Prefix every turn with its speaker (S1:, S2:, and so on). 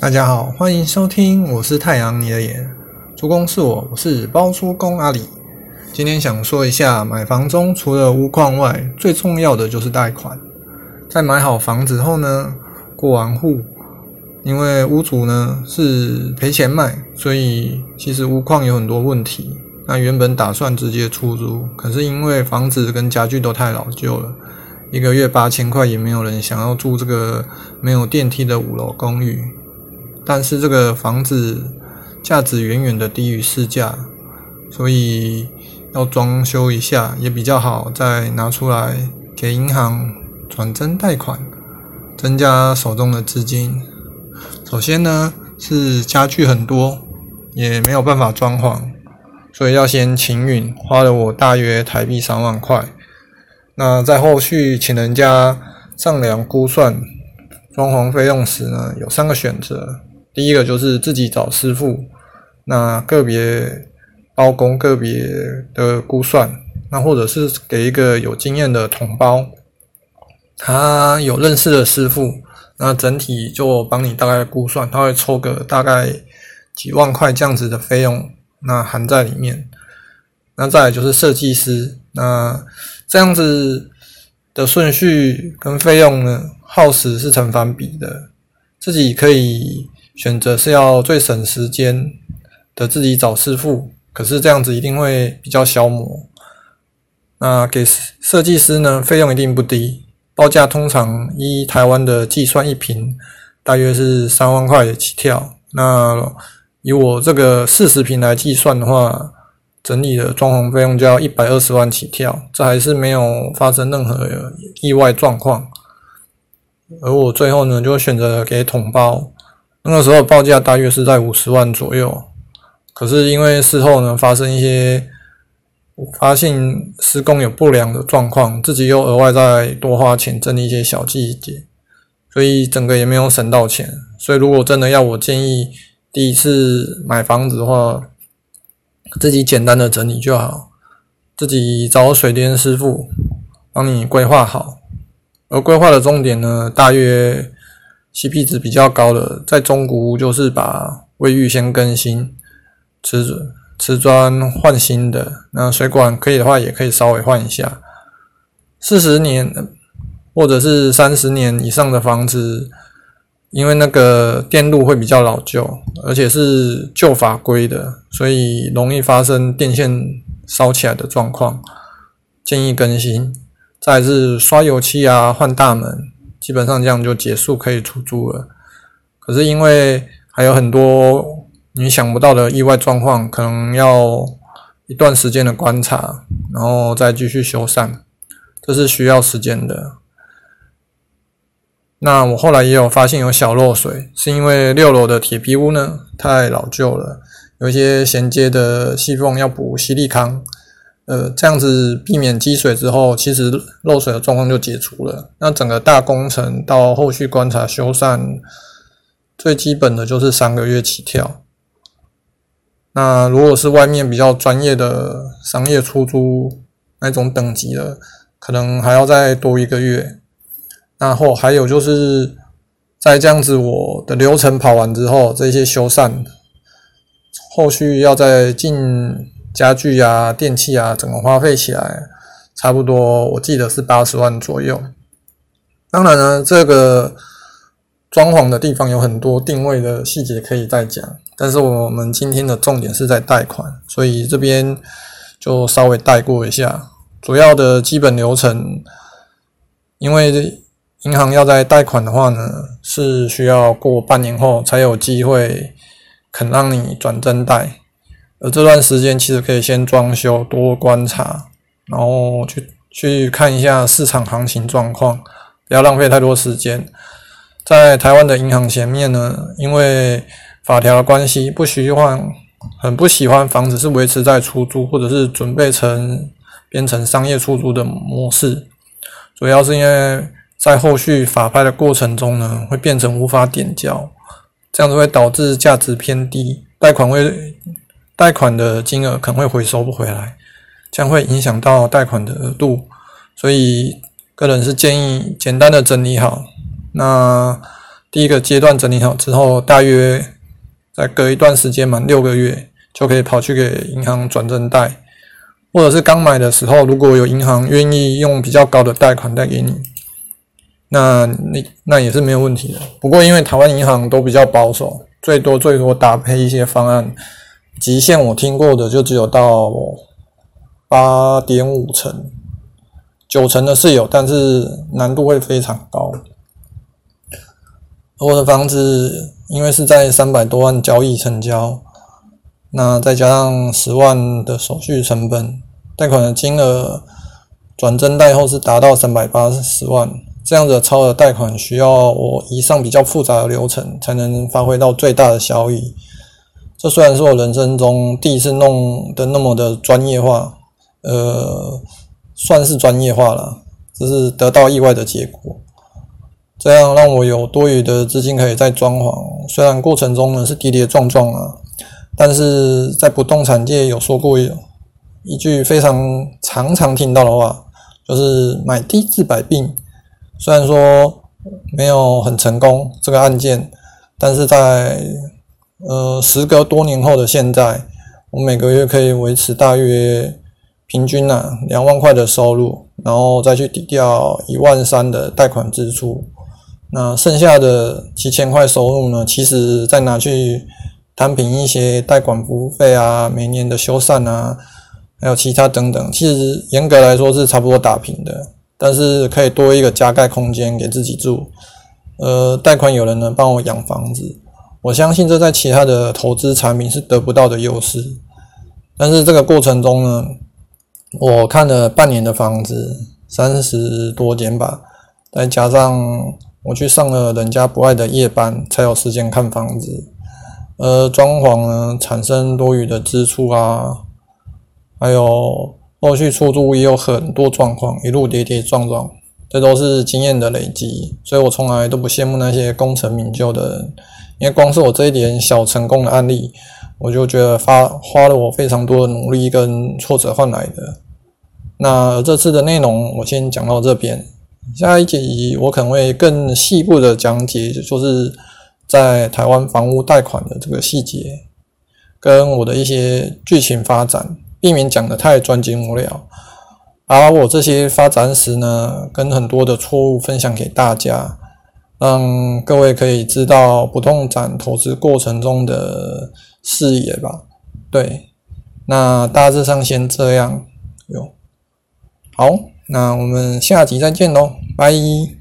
S1: 大家好，歡迎收聽，我是太陽爺爺，主公是我，我是包租公阿里。今天想說一下買房中除了屋況外，最重要的就是貸款。在買好房子後呢，過完戶，因為屋主呢是賠錢賣，所以其實屋況有很多問題。那原本打算直接出租，可是因為房子跟家具都太老舊了，一個月八千塊也沒有人想要住這個沒有電梯的五樓公寓。但是這個房子價值遠遠的低於市價，所以要裝修一下也比較好，再拿出來給銀行轉增貸款，增加手中的資金。首先呢是家具很多，也沒有辦法裝潢，所以要先清運，花了我大約台幣三萬塊。那在後續請人家丈量估算裝潢費用時呢，有三個選擇。第一個就是自己找師傅，那個別包工個別的估算，那或者是給一個有經驗的統包，他有認識的師傅，那整體就幫你大概估算，他會抽個大概幾萬塊這樣子的費用，那含在裡面。那再來就是設計師，那這樣子的順序跟費用呢，耗時是成反比的，自己可以。選擇是要最省時間的，自己找師傅，可是這樣子一定會比較消磨。那給設計師呢，費用一定不低，報價通常依台灣的計算一坪，大約是三萬塊起跳。那以我這個四十坪來計算的話，整理的裝潢費用就要一百二十萬起跳，這還是沒有發生任何意外狀況。而我最後呢，就選擇給統包。那個時候報價大約是在五十萬左右，可是因為事後呢，發生一些，發現施工有不良的狀況，自己又額外再多花錢整理一些小細節，所以整個也沒有省到錢。所以如果真的要我建議第一次買房子的話，自己簡單的整理就好，自己找水電師傅幫你規劃好，而規劃的重點呢，大約。CP 值比較高的，在中古屋就是把衛浴先更新，瓷磚瓷磚換新的，那水管可以的話也可以稍微換一下。四十年或者是三十年以上的房子，因為那個電路會比較老舊，而且是舊法規的，所以容易發生電線燒起來的狀況，建議更新。再來是刷油漆啊，換大門。基本上這樣就結束，可以出租了。可是因為還有很多你想不到的意外狀況，可能要一段時間的觀察，然後再繼續修繕，這是需要時間的。那我後來也有發現有小漏水，是因為六樓的鐵皮屋呢太老舊了，有一些銜接的細縫要補矽利康。呃，這樣子避免積水之後，其實漏水的狀況就解除了。那整個大工程到後續觀察修繕，最基本的就是三個月起跳。那如果是外面比較專業的商業出租那種等級的，可能還要再多一個月。然後還有就是在這樣子我的流程跑完之後，這些修繕後續要再進。家具呀、啊、電器啊，整個花費起來差不多，我記得是八十萬左右。當然呢，這個裝潢的地方有很多定位的細節可以再講，但是我們今天的重點是在貸款，所以這邊就稍微帶過一下。主要的基本流程，因為銀行要在貸款的話呢，是需要過半年後才有機會肯讓你轉增貸。呃，這段時間其實可以先裝修，多觀察，然後去去看一下市場行情狀況，不要浪費太多時間。在台灣的銀行前面呢，因為法條的關係，不喜歡，很不喜歡房子是維持在出租或者是準備成變成商業出租的模式，主要是因為在後續法拍的過程中呢，會變成無法點交，這樣子會導致價值偏低，貸款會。貸款的金額可能會回收不回來，將會影響到貸款的額度，所以個人是建議簡單的整理好。那第一個階段整理好之後，大約再隔一段時間，滿六個月就可以跑去給銀行轉正貸，或者是剛買的時候，如果有銀行願意用比較高的貸款貸給你，那你那也是沒有問題的。不過因為台灣銀行都比較保守，最多最多搭配一些方案。極限我聽過的就只有到八點五成，九成的是有，但是難度會非常高。而我的房子因為是在三百多萬交易成交，那再加上十萬的手續成本，貸款的金額轉增貸後是達到三百八十萬，這樣子的超額貸款需要我以上比較複雜的流程才能發揮到最大的效益。這雖然是我人生中第一次弄得那麼的專業化，呃，算是專業化了，只是得到意外的結果。這樣讓我有多餘的資金可以再裝潢。雖然過程中呢是跌跌撞撞啊，但是在不動產界有說過一一句非常常常聽到的話，就是買低治百病。雖然說沒有很成功這個案件，但是在。呃，時隔多年後的現在，我每個月可以維持大約平均啊兩萬塊的收入，然後再去抵掉一萬三的貸款支出，那剩下的七千塊收入呢，其實再拿去攤平一些貸款服務費啊、每年的修繕啊，還有其他等等，其實嚴格來說是差不多打平的，但是可以多一個加蓋空間給自己住，呃，貸款有人能幫我養房子。我相信這在其他的投資產品是得不到的優勢。但是這個過程中呢，我看了半年的房子，三十多間吧，再加上我去上了人家不愛的夜班，才有時間看房子。而裝潢呢，產生多餘的支出啊，還有後續出租也有很多狀況，一路跌跌撞撞，這都是經驗的累積。所以我從來都不羨慕那些功成名就的人。因為光是我這一點小成功的案例，我就覺得發花了我非常多的努力跟挫折換來的。那這次的內容我先講到這邊，下一集我可能會更細部的講解，就是說是在台灣房屋貸款的這個細節，跟我的一些劇情發展，避免講的太專精無聊，把我這些發展史呢，跟很多的錯誤分享給大家。讓各位可以知道不動產投資過程中的視野吧，對，那大致上先這樣，有，好，那我們下集再見嘍，拜。